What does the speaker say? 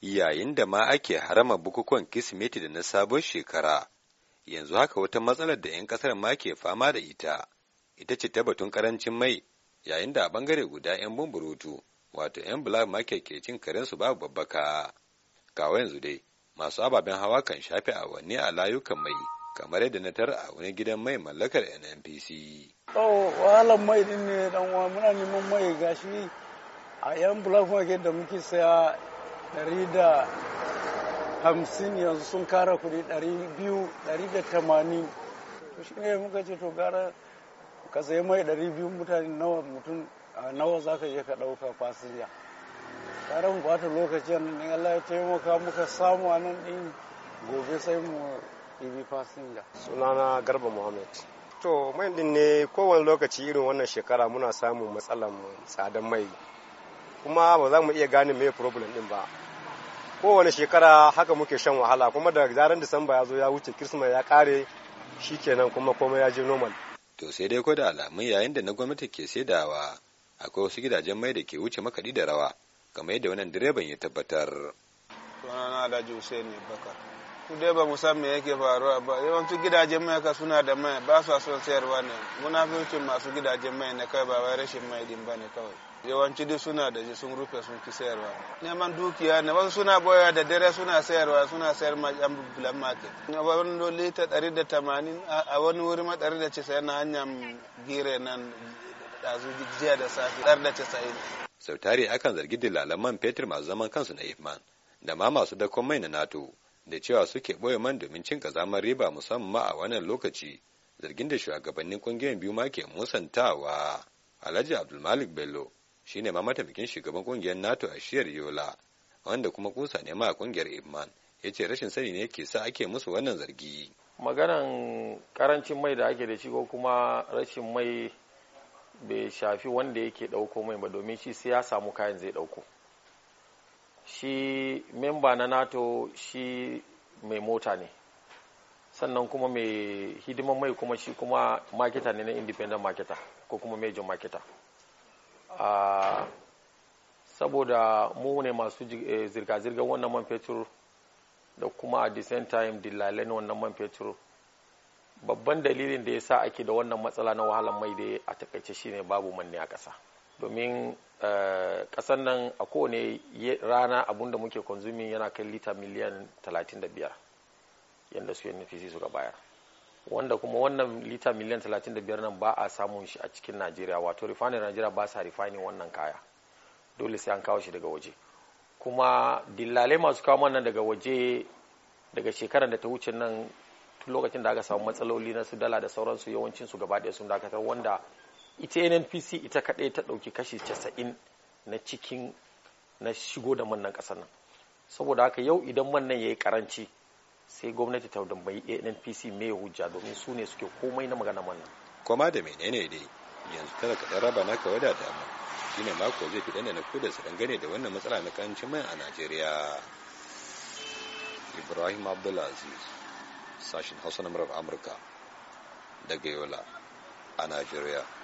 yayin da ma ake harama bukukuwan Kirsimeti da na sabon shekara. Yanzu haka wata matsalar da 'yan kasar ma ke fama da ita, ita ce ta batun karancin mai, yayin da a bangare guda 'yan bumburutu, wato 'yan black market ke cin karensu babu babbaka. Kawo yanzu dai, masu ababen hawa kan shafe awanni a layukan mai, kamar yadda na tara a wani gidan mai mallakar NNPC. Oh, wahalar mai din ne dan muna neman mai gashi a yan black market da muke saya ɗari da hamsin yanzu sun kara kuɗi 280 biyu to shi muka ce to gara ka sayi mai 200 biyu mutane nawa mutum nawa za ka je ka ɗauka fasinja tare mu bata lokacin ne Allah ya taimaka muka samu anan din gobe sai mu ibi fasinja sunana garba muhammad to mai din ne kowane lokaci irin wannan shekara muna samun matsalar tsadan mai kuma ba za mu iya gane me problem din ba kowane shekara haka muke shan wahala kuma da zaran disamba ya zo ya wuce kirisma ya kare shikenan kuma komai ya je normal to sai dai ko da alamun yayin da na gwamnati ke saidawa akwai wasu gidajen mai da ke wuce makaɗi da rawa kamar yadda wannan direban ya tabbatar sunana hussein bakar su dai ba mu san me yake faruwa ba yawancin gidajen mai ka suna da mai ba su son sayarwa ne munafircin masu gidajen mai na kai ba wai rashin mai din ba ne kawai yawanci duk suna da sun rufe sun ki sayarwa neman dukiya ne wasu suna boya da dare suna sayarwa suna sayar ma yan bulan market na wani lita ɗari da tamanin a wani wuri ma ɗari da cisa yana hanyar gire nan ɗazu jiya da safe ɗari da casa'in. sautari akan zargi dillalan man fetur masu zaman kansu na ifman da ma masu dakon mai na nato da cewa suke ɓoye man domin cin kazamar riba musamman a wannan lokaci zargin da shugabannin kungiyar biyu ma ke musantawa alhaji abdulmalik bello shine ma mataimakin shugaban kungiyar nato a shiyar yola wanda kuma kusa ne ma a kungiyar imman ya ce rashin sani ne ke sa ake musu wannan zargi maganan karancin mai da ake da shi ko kuma rashin mai bai shafi wanda yake ɗauko mai ba domin shi sai ya samu kayan zai ɗauko shi memba na nato shi mai mota ne sannan kuma mai hidiman mai kuma shi kuma maketa ne na independent maketa ko kuma major maketa ah, saboda mu ne masu eh, zirga-zirgar wannan man fetur da kuma at the same time na wannan man fetur babban dalilin da ya sa ake da wannan matsala na wahalar mai da a takaice shine babu manne a ƙasa. domin kasan eh, nan a kowane rana abunda muke konzumi yana kai lita miliyan 35 yadda su nufisi suka bayar wanda kuma wannan lita miliyan 35 nan ba a samun shi a cikin najeriya wato rifanin najeriya ba sa rifanin wannan kaya dole sai an kawo shi daga waje kuma dillalai masu kawo wannan daga waje daga shekarar da ta wuce nan tun lokacin da aka samu matsaloli na su dala da sauransu yawancin su gaba ɗaya sun dakatar wanda ita nnpc ita kaɗai ta ɗauki kashi casa'in na cikin na shigo da mannan ƙasar nan saboda haka yau idan wannan ya yi karanci sai gwamnati ta mai nnpc mai hujja domin su ne suke komai na magana mannan. kuma da menene dai yanzu kada ka ɗan raba naka wadata mu shine mako zai fi ɗanɗana su dangane da wannan matsala na ƙarancin mai a najeriya ibrahim abdulaziz sashen hausa na murar amurka daga yola a najeriya